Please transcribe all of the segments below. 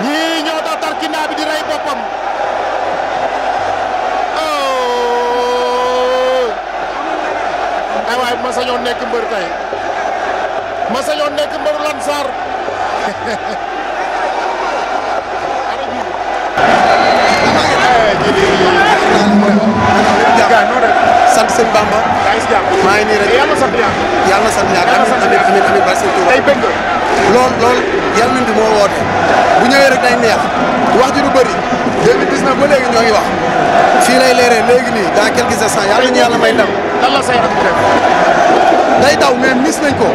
ñii ñoo tax tarkindaa bi di rey boppam oh. ay waay ma nekk mbër tey ma sañoon nekk mbër Lansar sant sëñ Bamba maa ngi nii rek yàlla sant yàlla sant yàlla amiin amiin amiin barke Sëñ Tuuba lool lool yàlla bi moo woote bu ñëwee rek day neex wax ji du bëri 2019 ko léegi ñoo ngi wax fii lay leeree léegi nii dans quelques instants yàlla ñu yàlla may ndam. lan la say day daw mais mis nañ ko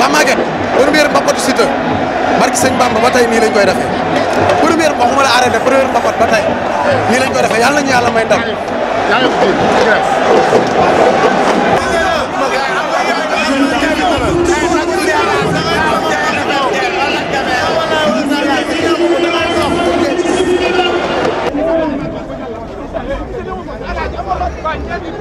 ba màgget première mbappatu Siteu barki sëñ Bamba ba tey nii lañ koy defee première waxuma la arrêté première mbapat ba tey nii lañ koy defee yàlla ñu yàlla may ndam.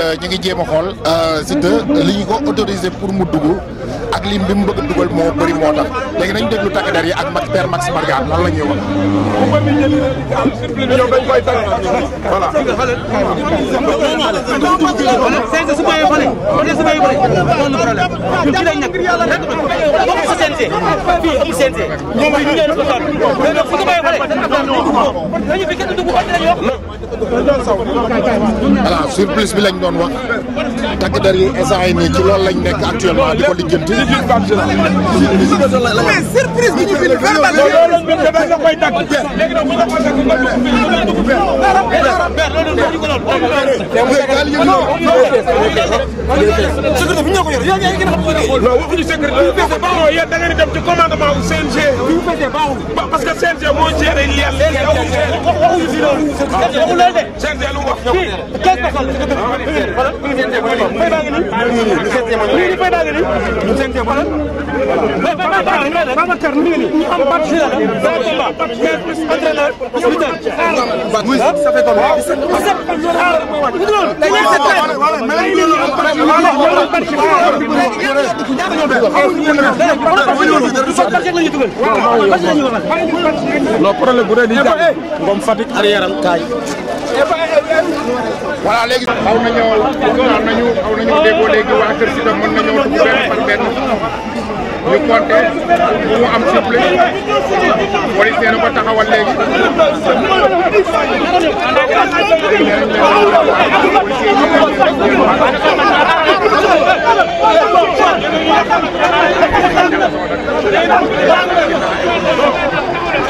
Euh, ñu ngi jéem a xool euh, Siteu li ñu ko autorisé pour mu dugg ak lim bi mu bëgg a dugal moo bëri moo tax léegi nañ déglu takk der yi ak mag père Max Mbargane lan la ñuy wax. voilà. voilà surplus bi lañ doon wax takk der yi instant yi nii ci loolu lañ nekk actuellement di ko lijjanti. mais surprise bi ñu bind verbal bi. da ngeen dem ci commandement wu CNG. parce que CNG moo géré loolu de. GDL mu wax fii 15 personnes la. voilà bu ñu seen jéem a ñu. fay baa ngi nii. ñu seen jéem a ñu. lii fay baa ngi nii. ñu seen jéem a ñu. mais Babacar ñu ne Babacar ñu ngi nii. ñu am parti la. c'est un combat. mais entraîneur. lutteur. oui ça fait combien. 17 17. non problème bu dee di jàpp. comme Fatick arrière am kaay. voilà léegi. xaw nañoo xaw nañu xaw nañu déggoo léegi nañoo dugg benn par benn ñu compter bu mu am souple wala nee na taxawal léegi.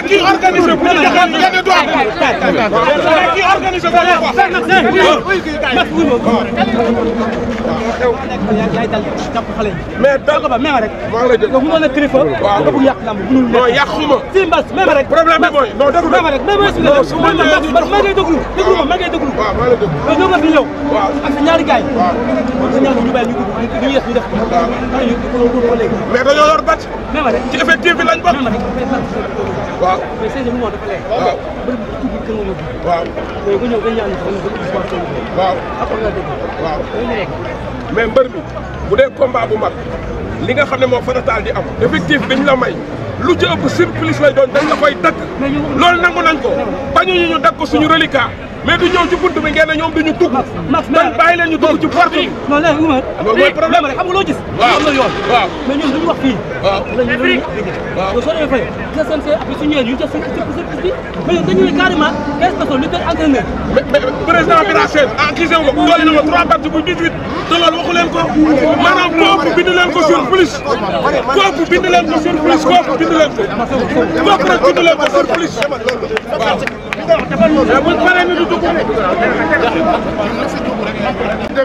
mais qui organise pour le il y a des droits. qui organise pour le mais dal ko ba même rek. maa ngi lay mu doon kilifa. waaw bu yàq lamb bu non yàquma. si mbas même rek. problème bi mooy non déglu même rek même rek. non su ma nee déglu ma ma ngay déglu. waaw ma ngay déglu. waaw maa ngi lay déglu. mais ñoo ngi fi ñëw. waaw ak sa ñaari gars yi. waaw kon sa ñaari ñu bàyyi ñu gudd ñu yées ñu def ko. waaw maa ngi lay déglu ba léegi. mais dañoo yor bàcc. même rek ci effectif bi lañ bokk. même rek waaw mais sëñ bi waaw bëri bu tudd waa mais mbër mi bu dee combat bu mag li nga xam ne moo farataal di am. effectif dañ la may lu ci ëpp surplus lay doon dañ la koy dagg. loolu nangu nañ ko bañu ñu ñu ko suñu reliquat. mais du ñëw ci bunt bi ngeen ne ñoom duñu dugg. max mais bàyyi leen ñu dugg ci porte bi. non léegi Umar. loolu mooy problème xam nga loo gis. waaw am na yoon. waaw mais ñun duñu wax fii. waaw la ñu doon waaw soo demee fay. GSMC après su ñëwee ñu jël seen service bi mais ñun dañu ne carrément 15 personnes li koy entraîné. président bi la ah, seen accusé ko dolli na ma 3 parties bu 18 te loolu waxu leen ko maanaam kooku bind leen ko sur plus kooku bind leen ko sur plus kooku bind leen ko kooku rek bind leen ko sur plus waaw.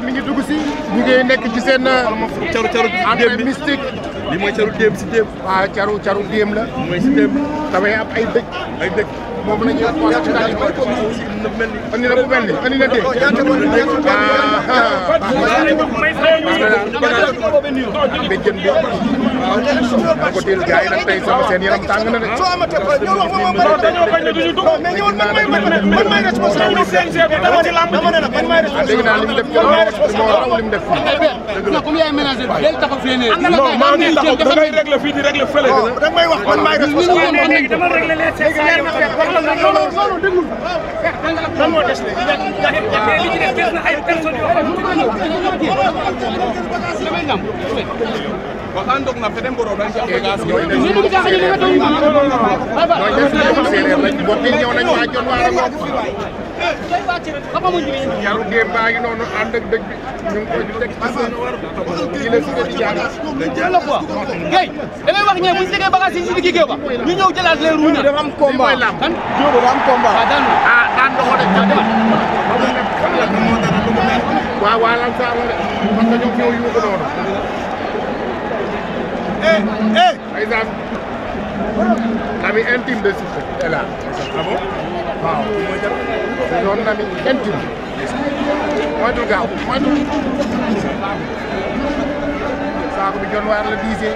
mi ngi dugg si ñu ngi nekk ci seen. caru caru mystique. li mooy caru déem si déem. waaw caru caru déem la. mooy si déem. dafay am ay dëkk. ay dëkk moom la ñuy wax waaw ci daal na mel ni. andi na bu mel ni andi na dee. béjjën bi. waaw ko teel gars yi nag tey sama seen yaram tàng na de. dégg naa li mu def. li mu def. dëgg la. taxaw da ngay régler fii di régler fële. da may wax man maay responsable. léegi dama régler les seet leer na fekk wax la loolu loolu déglu lan moo des léegi li ci des des na ay personnes yoo xam ne wa andok na fete mboro dañ ci am bagage yoy dañ ñu ñu jaxani nga taw ñu non non non ba ba ñëw nañ waa jon waa yaru démb baa ngi noonu ànd ak dëkk bi ñu ngi ko di teg ci seen ñu leen di jaay la quoi gay da ngay wax ñee bu ñu tegee bagage yi si diggi géew ñu ñëw jëlaat leen ruñu dafa am combat kan Diop dafa am combat daan ah daan que ñoom noonu eh eh ay daan ami intime de succès est doon na mi kenn moytul gaaw moytul saako bi jon waar la diisee.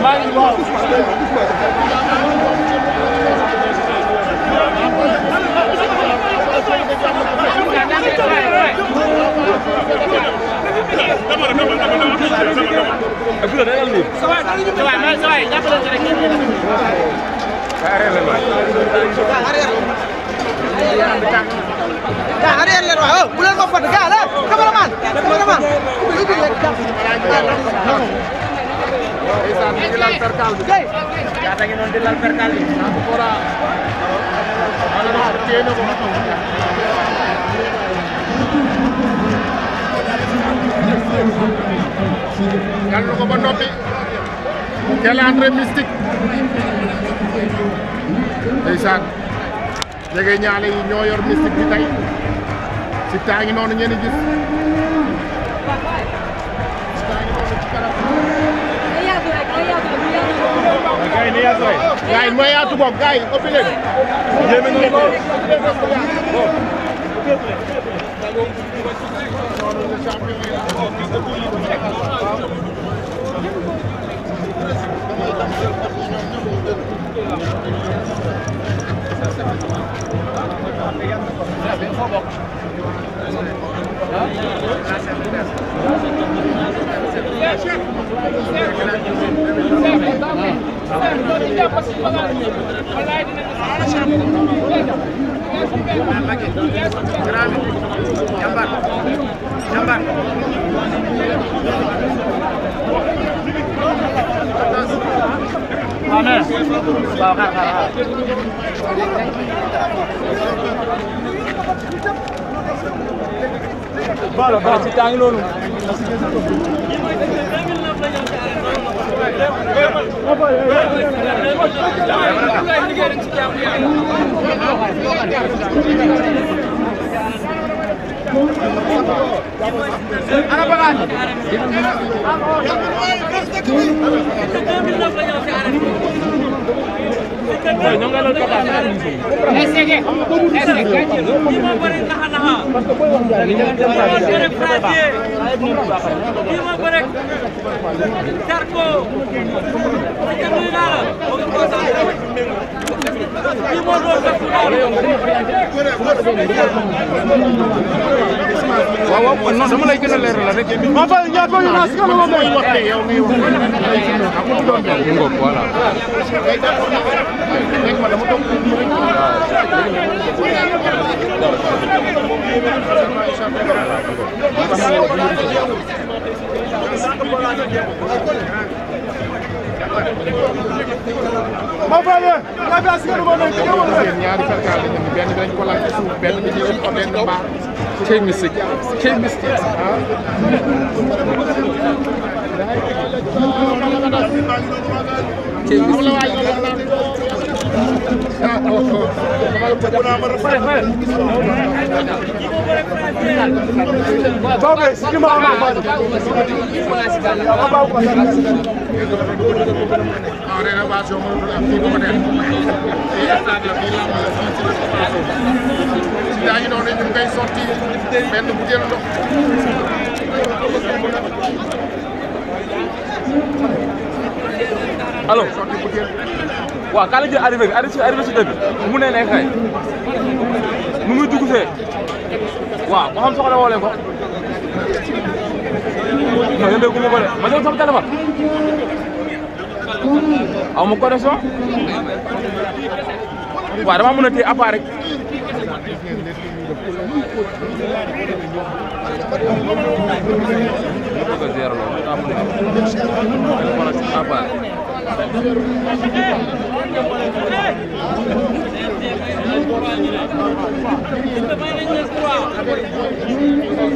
Bulan kau pergi, lah. Kameraman, kameraman. Kameraman. ndeysaan ñu ngi lal percal bi jaata ngi noonu di lal percal bi Satou Cora wala téye na ko yal na ko ba noppi quelle entrée mystique yi ñoo yor taa ngi noonu ngeen gis Gaay ni yaatu waay. Gaay mooy yaatu boog gaay ëpp leen. Yéeme na lool. Yeah, sure. jambar jambar Bala bala si tangi Thank you. ana bagaas Thank you. waaw waaw kon noonu dama lay gën a leer la rek. maa fay ñaata ñu mooy wax tey yow wax dëgg yow. voilà. Thank you. maa fay leen yaakaar si ngeen mën a dégg nga mën ñaari perkaal lañ leen benn bi dañ ko laaj ci suuf benn bi ñu def benn baax cey mystique cey mystique ah cey mystique Babe, sikima ona bana. Ahora la base vamos a poco con él. Está la pila más. Ya ahí no le nunca hizo ti. Vendo pudieron no. Aló. waaw ka la jël arrivé bi arrivé arrivé si dëgg mu ne nekk xëy mu ngi dugg fee waaw ma xam soxla woo leen ko non yéen déggu ma ko de ma jël sama téléphone aw ma connexion waaw dama mën a téye appareil Thank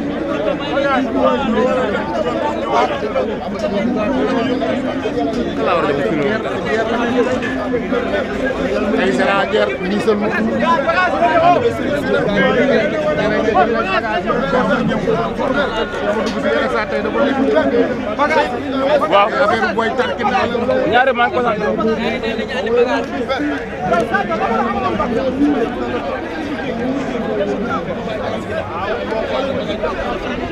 you. ay sarager ni sel mu a affaire boy tarkin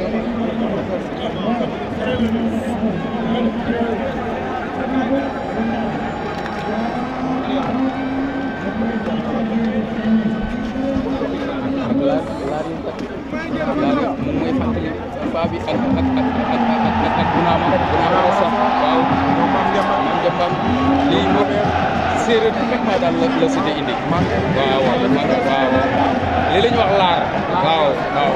waaw waaw li la ñu wax laar waaw waaw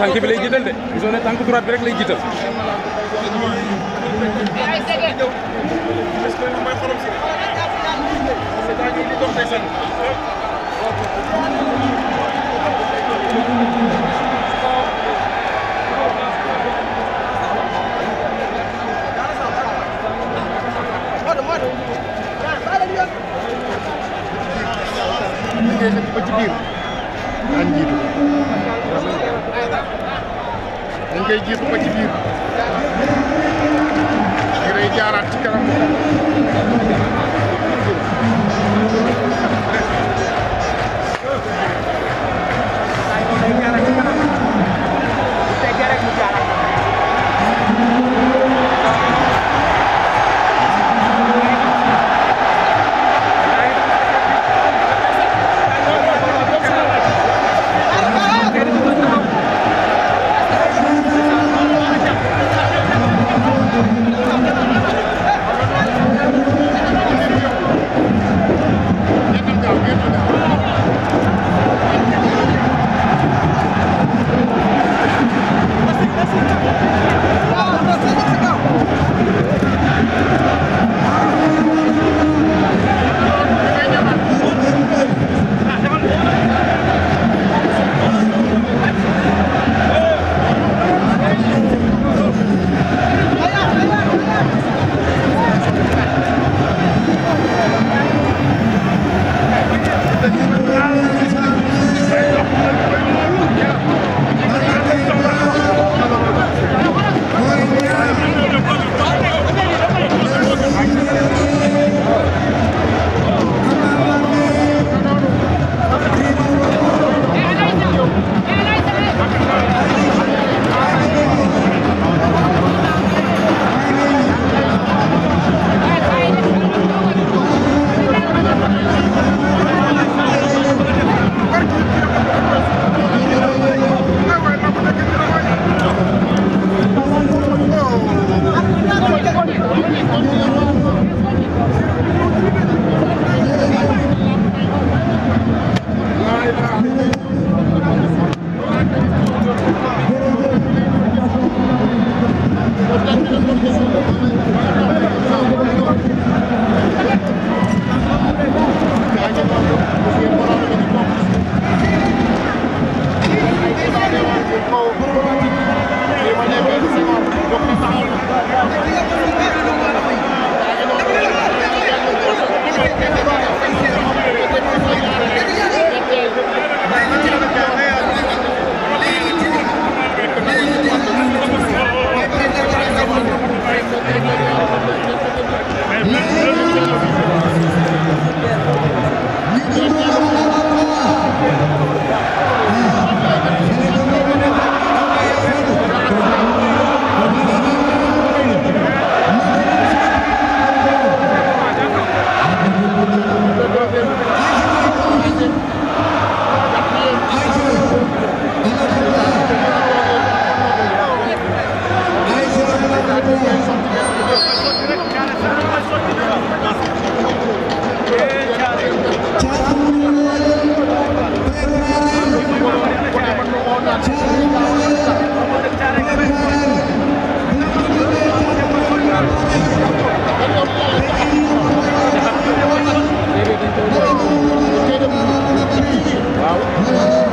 tànk bi lay jiital de gisoo ne tànk droite bi rek lay jiital. ngay jiitu ba ci biir.